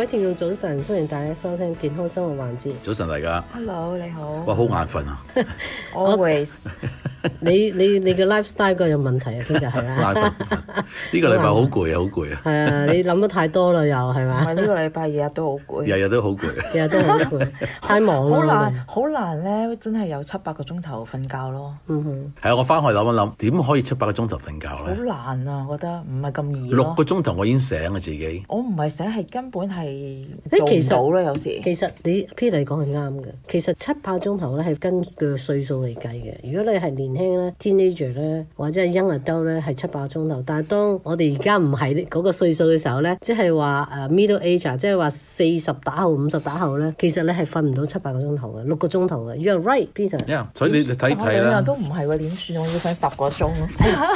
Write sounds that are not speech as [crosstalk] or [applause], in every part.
海田，早晨，歡迎大家收聽健康生活環節。早晨，大家。Hello，你好。我好眼瞓啊。 [laughs] Always [laughs] 你。你你你嘅 lifestyle 有問題啊？聽日係嘛？呢 [laughs] [laughs] 個禮拜好攰啊！好攰啊！係 [laughs] [laughs] 啊，你諗得太多啦，又係咪？呢、呢個禮拜日日都好攰，日 [laughs] 日都好攰、啊，日 [laughs] 日都好攰， [laughs] 太忙、啊，好難好 [laughs] 難咧！難真係有七八個鐘頭瞓覺咯。嗯 [laughs] 係啊，我翻去諗一諗，點可以七八個鐘頭瞓覺咧？好難啊，我覺得唔係咁易、啊、六個鐘頭我已經醒啊，自己。我唔係醒，係根本係。誒、欸，做唔到啦，有時。其實你 Peter 講係啱嘅。其實七八個鐘頭咧係根據歲數嚟計嘅。如果你係年輕咧，teenager 咧，或者係嬰兒兜咧，係七八個鐘頭。但係當我哋而家唔係嗰個歲數嘅時候咧，即係話誒 middle age，即係話四十打後、五十打後咧，其實你係瞓唔到七八個鐘頭嘅，六個鐘頭嘅。You're right, Peter。Yeah, 所以你你睇睇啦。都唔係喎，點算？我要瞓十個鐘。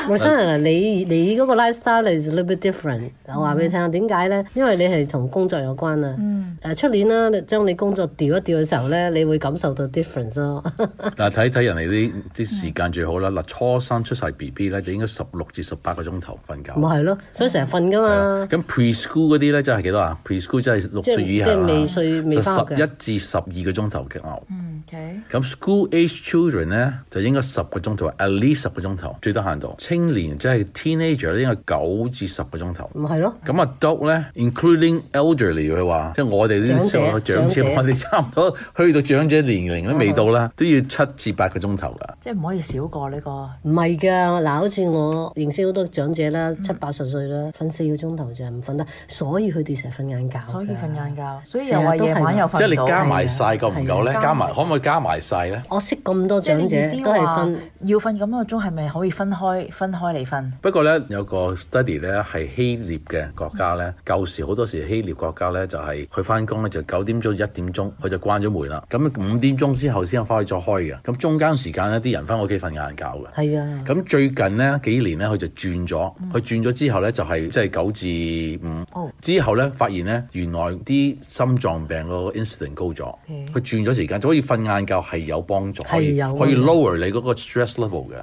陌生人啊，你你嗰個 lifestyle is a little bit different，嗯。我話俾你聽，點解咧？因為你係從工作。有關啦，誒、嗯、出年啦，你將你工作調一調嘅時候咧，你會感受到 difference 咯、哦。嗱，睇睇人哋啲啲時間最好啦。嗱，初生出世 BB 咧，就應該十六至十八個鐘頭瞓覺。咪係咯，所以成日瞓噶嘛。咁 preschool 嗰啲咧，真係幾多啊？preschool 真係六歲以下，即係未歲未十一至十二個鐘頭嘅牛。咁、嗯 okay. school age children 咧，就應該十個鐘頭，at least 十個鐘頭，最多限度。青年即係、就是、teenager 咧，應該九至十個鐘頭。咪係咯。咁啊，adult 咧，including elder。 [laughs] 例如佢話，即係我哋啲長者，長者我哋差唔多去到長者年齡都未到啦，都要七至八個鐘頭㗎。即係唔可以少過呢個？唔係㗎，嗱，好似我認識好多長者啦，七八十歲啦，瞓四個鐘頭就唔瞓得，所以佢哋成日瞓晏覺。所以瞓晏覺，所以又話夜晚又瞓唔到。即係你加埋晒夠唔夠咧？加埋可唔可以加埋晒咧？我識咁多長者都係瞓，要瞓咁個鐘係咪可以分開？分開嚟瞓？不過咧，有個 study 咧係希臘嘅國家咧，舊時好多時希臘國家。咧就係佢翻工咧就九點鐘，一點鐘佢就關咗門啦，咁五點鐘之後先翻去再開嘅，咁中間時間呢啲人翻屋企瞓晏覺嘅，係啊，咁最近呢幾年咧佢就轉咗，佢轉咗之後咧就係即係九至五，oh. 之後咧發現咧原來啲心臟病個 incident 高咗，佢轉咗時間就可以瞓晏覺係有幫助有，可以 lower 你嗰個 stress level 嘅。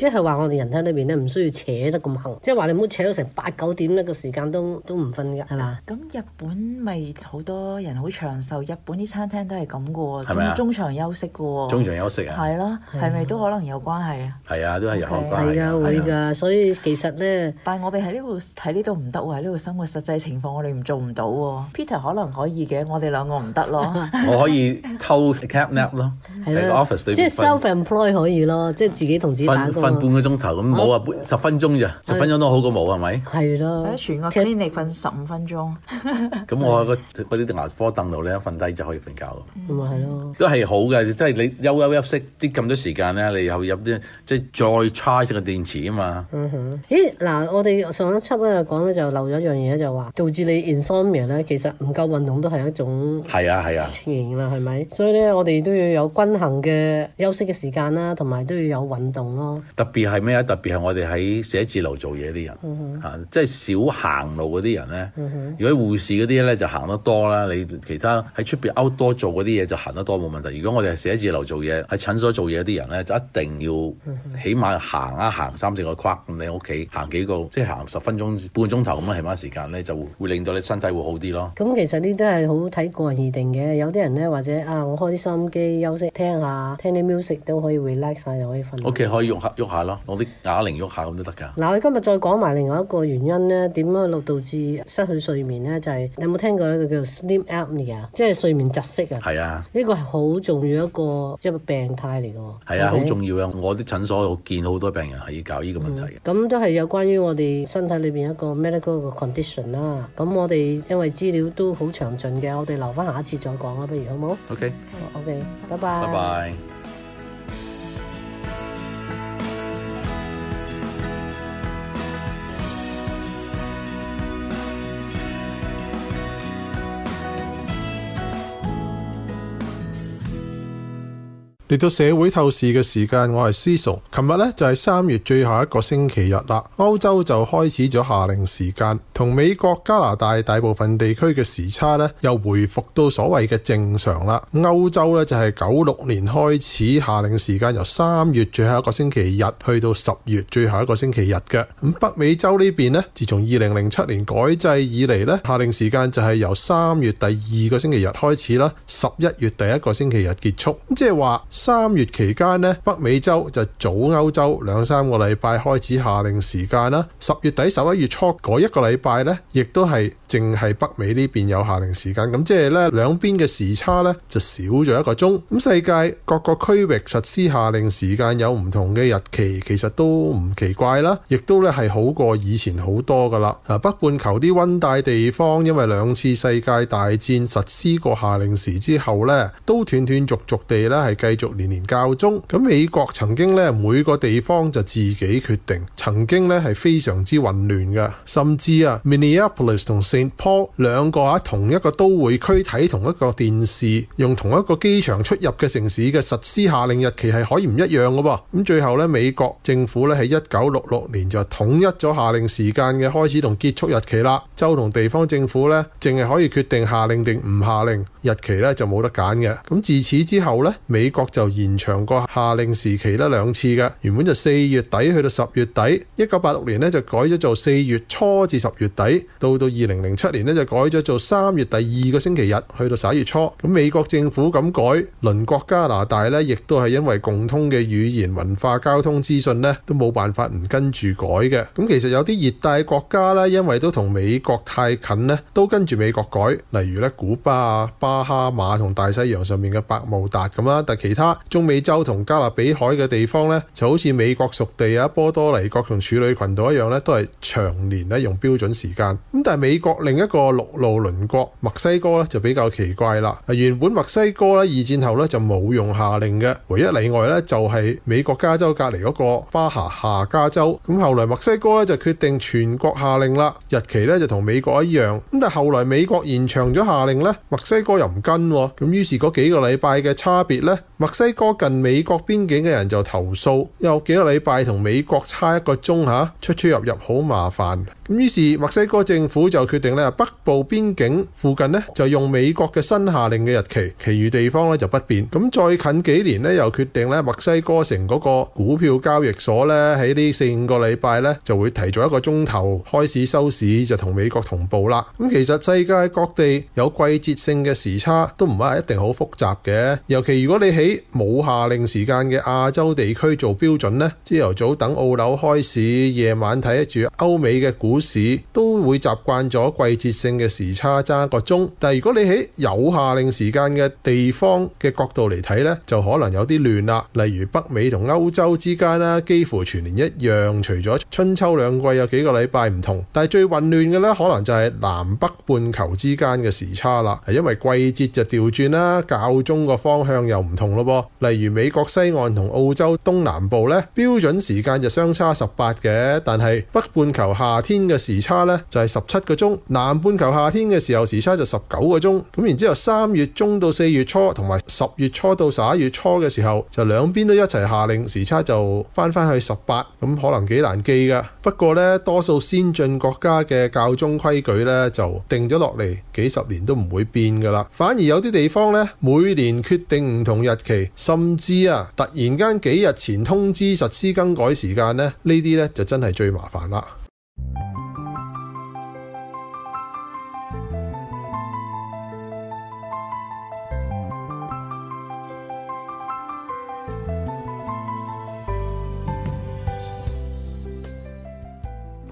即係話我哋人體裏邊咧，唔需要扯得咁狠。即係話你唔好扯到成八九點呢個時間都都唔瞓㗎，係嘛？咁日本咪好多人好長壽，日本啲餐廳都係咁㗎，仲中場休息㗎喎、哦。中場休息啊？係咯，係、嗯、咪都可能有關係啊？係、嗯、啊，都係有關係、okay. 啊，會㗎、啊啊。所以其實咧，但係我哋喺呢度睇呢度唔得喎，喺呢度生活實際情況我哋唔做唔到喎、啊。Peter 可能可以嘅，我哋兩個唔得咯。 [laughs] [laughs] 我可以偷 cat nap 咯，喺個 office 對。即係 self-employed 可以咯，即係自己同自己打工。半個鐘頭咁冇啊，十分鐘咋、啊，十分鐘都好過冇係咪？係咯。全個先嚟瞓十五分鐘。咁 [laughs] 我嗰啲牙科凳度咧，瞓低就可以瞓覺。咁咪係咯。都係好嘅，即係你休休息啲咁多時間咧，你又入啲即係再 charge 個電池啊嘛。嗯、咦嗱，我哋上一輯咧講咧就漏咗一樣嘢，就話導致你 insomnia 咧，其實唔夠運動都係一種係啊係啊。情形啦，係咪？所以咧，我哋都要有均衡嘅休息嘅時間啦，同埋都要有運動咯。特別係咩啊？特別係我哋喺寫字樓做嘢啲人嚇，即係少行路嗰啲人咧。Mm-hmm. 如果護士嗰啲咧就行得多啦。你其他喺出邊 outdoor 做嗰啲嘢就行得多，冇問題。如果我哋係寫字樓做嘢，喺診所做嘢啲人咧，就一定要起碼行一、啊、行三四個框咁，你屋企行幾個，即係行十分鐘半鐘頭咁樣起碼時間咧，就會令到你身體會好啲咯。咁其實呢都係好睇個人而定嘅。有啲人咧或者啊，我開啲收音機休息聽一下，聽啲 music 都可以 relax 曬，又可以瞓。O、okay, K，可以融下咯，攞啲啞鈴喐下咁都得噶。嗱，我今日再講埋另外一個原因咧，點樣去導致失去睡眠咧？就係你有冇聽過一個叫做 Sleep Apnea，即係睡眠窒息啊？係啊，呢個係好重要一個一個病態嚟嘅。係啊，好重要啊！我啲診所我見好多病人係要搞呢個問題嘅。咁、嗯、都係有關於我哋身體裏邊一個 medical 嘅 condition 啦。咁我哋因為資料都好詳盡嘅，我哋留翻下一次再講啦，不如好冇？OK，OK，bye b 嚟到社會透視嘅時間，我係思熟。琴日咧就係、是、三月最後一個星期日啦。歐洲就開始咗夏令時間，同美國、加拿大大部分地區嘅時差咧又回復到所謂嘅正常啦。歐洲咧就係九六年開始夏令時間，由三月最後一個星期日去到十月最後一個星期日嘅。咁北美洲邊呢邊咧，自從二零零七年改制以嚟咧，夏令時間就係由三月第二個星期日開始啦，十一月第一個星期日結束。咁即係話。三月期間呢，北美洲就早歐洲兩三個禮拜開始夏令時間啦。十月底十一月初嗰一個禮拜呢，亦都係淨係北美呢邊有夏令時間。咁即係呢兩邊嘅時差呢，就少咗一個鐘。咁世界各個區域實施夏令時間有唔同嘅日期，其實都唔奇怪啦。亦都呢係好過以前好多㗎喇。北半球啲溫帶地方，因為兩次世界大戰實施過夏令時之後呢，都斷斷續續地呢係繼續。年年較鐘咁，那美國曾經咧每個地方就自己決定，曾經咧係非常之混亂噶，甚至啊，Minneapolis 同 Saint Paul 兩個喺同一個都會區睇同一個電視，用同一個機場出入嘅城市嘅實施下令日期係可以唔一樣噶噃，咁最後咧美國政府咧喺一九六六年就統一咗下令時間嘅開始同結束日期啦，州同地方政府咧淨係可以決定下令定唔下令，日期咧就冇得揀嘅，咁自此之後咧美國就。就延長過夏令時期咧兩次嘅，原本就四月底去到十月底，一九八六年咧就改咗做四月初至十月底，到到二零零七年咧就改咗做三月第二個星期日去到十一月初。咁美國政府咁改，鄰國加拿大咧亦都係因為共通嘅語言、文化、交通資訊咧都冇辦法唔跟住改嘅。咁其實有啲熱帶國家咧，因為都同美國太近咧，都跟住美國改，例如咧古巴啊、巴哈馬同大西洋上面嘅百慕達咁啦，但其他中美洲同加勒比海嘅地方咧，就好似美國屬地啊波多黎各同處女群島一樣咧，都係長年咧用標準時間。咁但係美國另一個陸路鄰國墨西哥咧就比較奇怪啦。原本墨西哥咧二戰後咧就冇用下令嘅，唯一例外咧就係美國加州隔籬嗰個巴哈夏加州。咁後來墨西哥咧就決定全國下令啦，日期咧就同美國一樣。咁但後來美國延長咗下令咧，墨西哥又唔跟，咁於是嗰幾個禮拜嘅差別咧，墨西哥近美國邊境嘅人就投訴，有幾個禮拜同美國差一個鐘吓，出出入入好麻煩。咁於是墨西哥政府就決定咧，北部邊境附近咧就用美國嘅新下令嘅日期，其餘地方咧就不變。咁再近幾年咧又決定咧，墨西哥城嗰個股票交易所咧喺呢四五個禮拜咧就會提早一個鐘頭開市收市，就同美國同步啦。咁其實世界各地有季節性嘅時差，都唔係一定好複雜嘅，尤其如果你喺冇下令時間嘅亞洲地區做標準呢？朝頭早等澳紐開市，夜晚睇住歐美嘅股市，都會習慣咗季節性嘅時差爭個鐘。但係如果你喺有下令時間嘅地方嘅角度嚟睇呢，就可能有啲亂啦。例如北美同歐洲之間啦，幾乎全年一樣，除咗春秋兩季有幾個禮拜唔同。但係最混亂嘅呢，可能就係南北半球之間嘅時差啦，係因為季節就調轉啦，校鐘個方向又唔同咯。例如美國西岸同澳洲東南部呢標準時間就相差十八嘅，但係北半球夏天嘅時差呢就係十七個鐘，南半球夏天嘅時候時差就十九個鐘。咁然之後三月中到四月初同埋十月初到十一月初嘅時候，就兩邊都一齊下令，時差就翻翻去十八。咁可能幾難記噶。不過呢，多數先進國家嘅校鐘規矩呢就定咗落嚟，幾十年都唔會變噶啦。反而有啲地方呢，每年決定唔同日期。甚至啊，突然間幾日前通知實施更改時間咧，呢啲咧就真係最麻煩啦。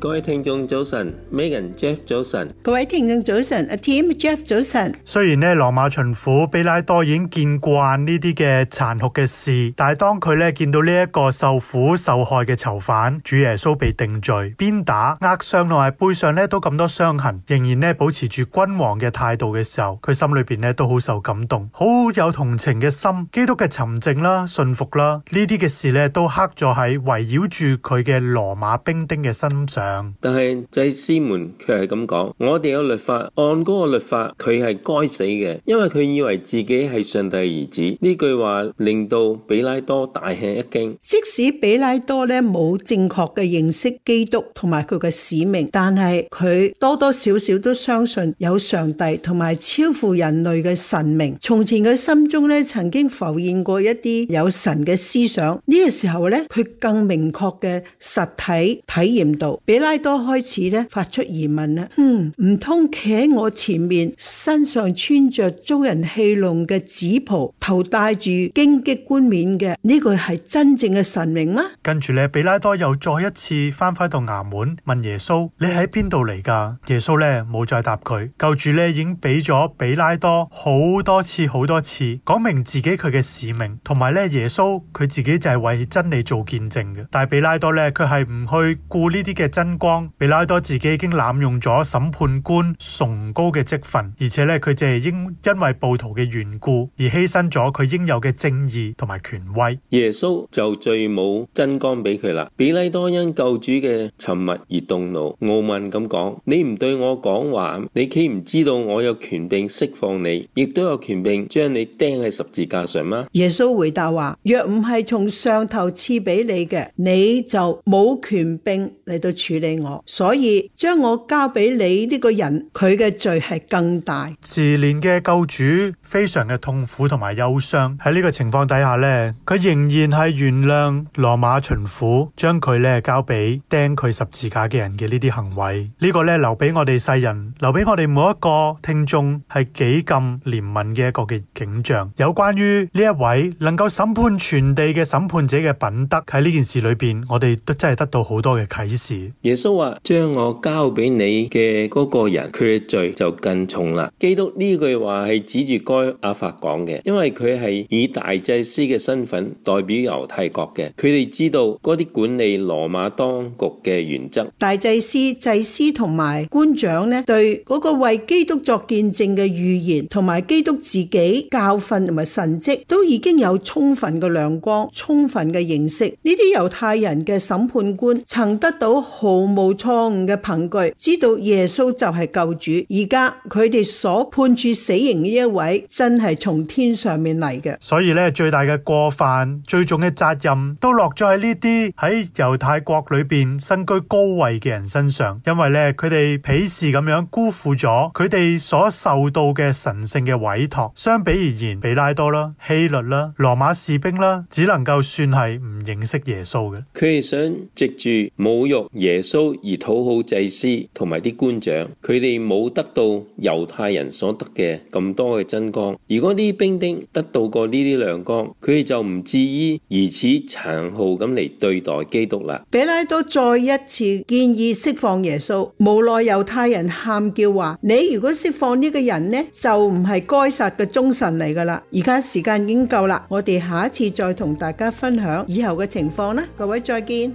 各位聽眾早晨，Megan Jeff 早晨，各位聽眾早晨，A team Jeff 早晨。雖然咧羅馬巡撫彼拉多已經見慣呢啲嘅殘酷嘅事，但係當佢咧見到呢一個受苦受害嘅囚犯主耶穌被定罪、鞭打、扼傷，同埋背上咧都咁多傷痕，仍然咧保持住君王嘅態度嘅時候，佢心裏邊咧都好受感動，好有同情嘅心，基督嘅沉靜啦、信服啦，呢啲嘅事咧都刻咗喺圍繞住佢嘅羅馬兵丁嘅身上。但係祭司們卻係咁講，我哋有律法，按嗰個律法，佢係該死嘅，因為佢以為自己係上帝兒子。呢句話令到比拉多大吃一驚。即使比拉多呢，冇正確嘅認識基督同埋佢嘅使命，但係佢多多少少都相信有上帝同埋超乎人類嘅神明。從前佢心中曾經浮現過一啲有神嘅思想，呢、這個時候呢，佢更明確嘅實體體驗到。比拉多開始咧，發出疑問啦：唔通企喺我前面，身上穿着遭人戲弄嘅紫袍，頭戴住荊棘冠冕嘅呢、呢個係真正嘅神明嗎？跟住咧，比拉多又再一次翻返到衙門問耶穌：你喺邊度嚟噶？耶穌咧冇再答佢，救主咧已經俾咗比拉多好多次、好多次講明自己佢嘅使命，同埋咧耶穌佢自己就係為真理做見證嘅。但係比拉多咧，佢係唔去顧呢啲嘅真理。光比拉多自己已經濫用咗審判官崇高嘅職份，而且咧佢淨係因因為暴徒嘅緣故而犧牲咗佢應有嘅正義同埋權威。耶穌就最冇真光俾佢啦。比拉多因救主嘅沉默而動怒，傲慢咁講：你唔對我講話，你豈唔知道我有權柄釋放你，亦都有權柄將你釘喺十字架上嗎？耶穌回答話：若唔係從上頭賜俾你嘅，你就冇權柄嚟到處。我，所以將我交俾你呢個人，佢嘅罪係更大。自憐嘅救主非常嘅痛苦同埋憂傷。喺呢個情況底下，呢佢仍然係原諒羅馬巡撫將佢咧交俾釘佢十字架嘅人嘅呢啲行為。呢個咧，留俾我哋世人，留俾我哋每一個聽眾，係幾咁憐憫嘅一個嘅景象。有關於呢一位能夠審判全地嘅審判者嘅品德，喺呢件事裏邊，我哋都真係得到好多嘅啟示。耶穌話：將我交俾你嘅嗰個人，佢嘅罪就更重啦。基督呢句話係指住該亞法講嘅，因為佢係以大祭司嘅身份代表猶太國嘅。佢哋知道嗰啲管理羅馬當局嘅原則。大祭司、祭司同埋官長呢，對嗰個為基督作見證嘅預言同埋基督自己教訓同埋神蹟，都已經有充分嘅亮光、充分嘅認識。呢啲猶太人嘅審判官曾得到好毫無錯誤嘅憑據，知道耶穌就係救主。而家佢哋所判處死刑呢一位，真係從天上面嚟嘅。所以咧，最大嘅過犯、最重嘅責任，都落咗喺呢啲喺猶太國裏邊身居高位嘅人身上。因為咧，佢哋鄙視咁樣，辜負咗佢哋所受到嘅神聖嘅委託。相比而言，比拉多啦、希律啦、羅馬士兵啦，只能夠算係唔認識耶穌嘅。佢哋想藉住侮辱耶穌。蘇而討好祭司同埋啲官長，佢哋冇得到猶太人所得嘅咁多嘅真光。如果啲兵丁得到過呢啲亮光，佢哋就唔至於如此殘酷咁嚟對待基督啦。彼拉多再一次建議釋放耶穌，無奈猶太人喊叫話：你如果釋放呢個人呢，就唔係該撒嘅忠臣嚟噶啦。而家時間已經夠啦，我哋下一次再同大家分享以後嘅情況啦。各位再見。